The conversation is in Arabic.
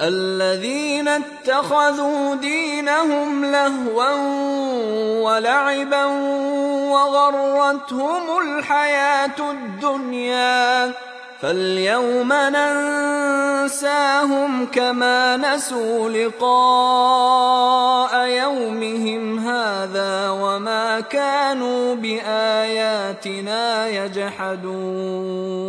الذين اتخذوا دينهم لهوا ولعبا وغرتهم الحياة الدنيا فاليوم ننساهم كما نسوا لقاء يومهم هذا وما كانوا بآياتنا يجحدون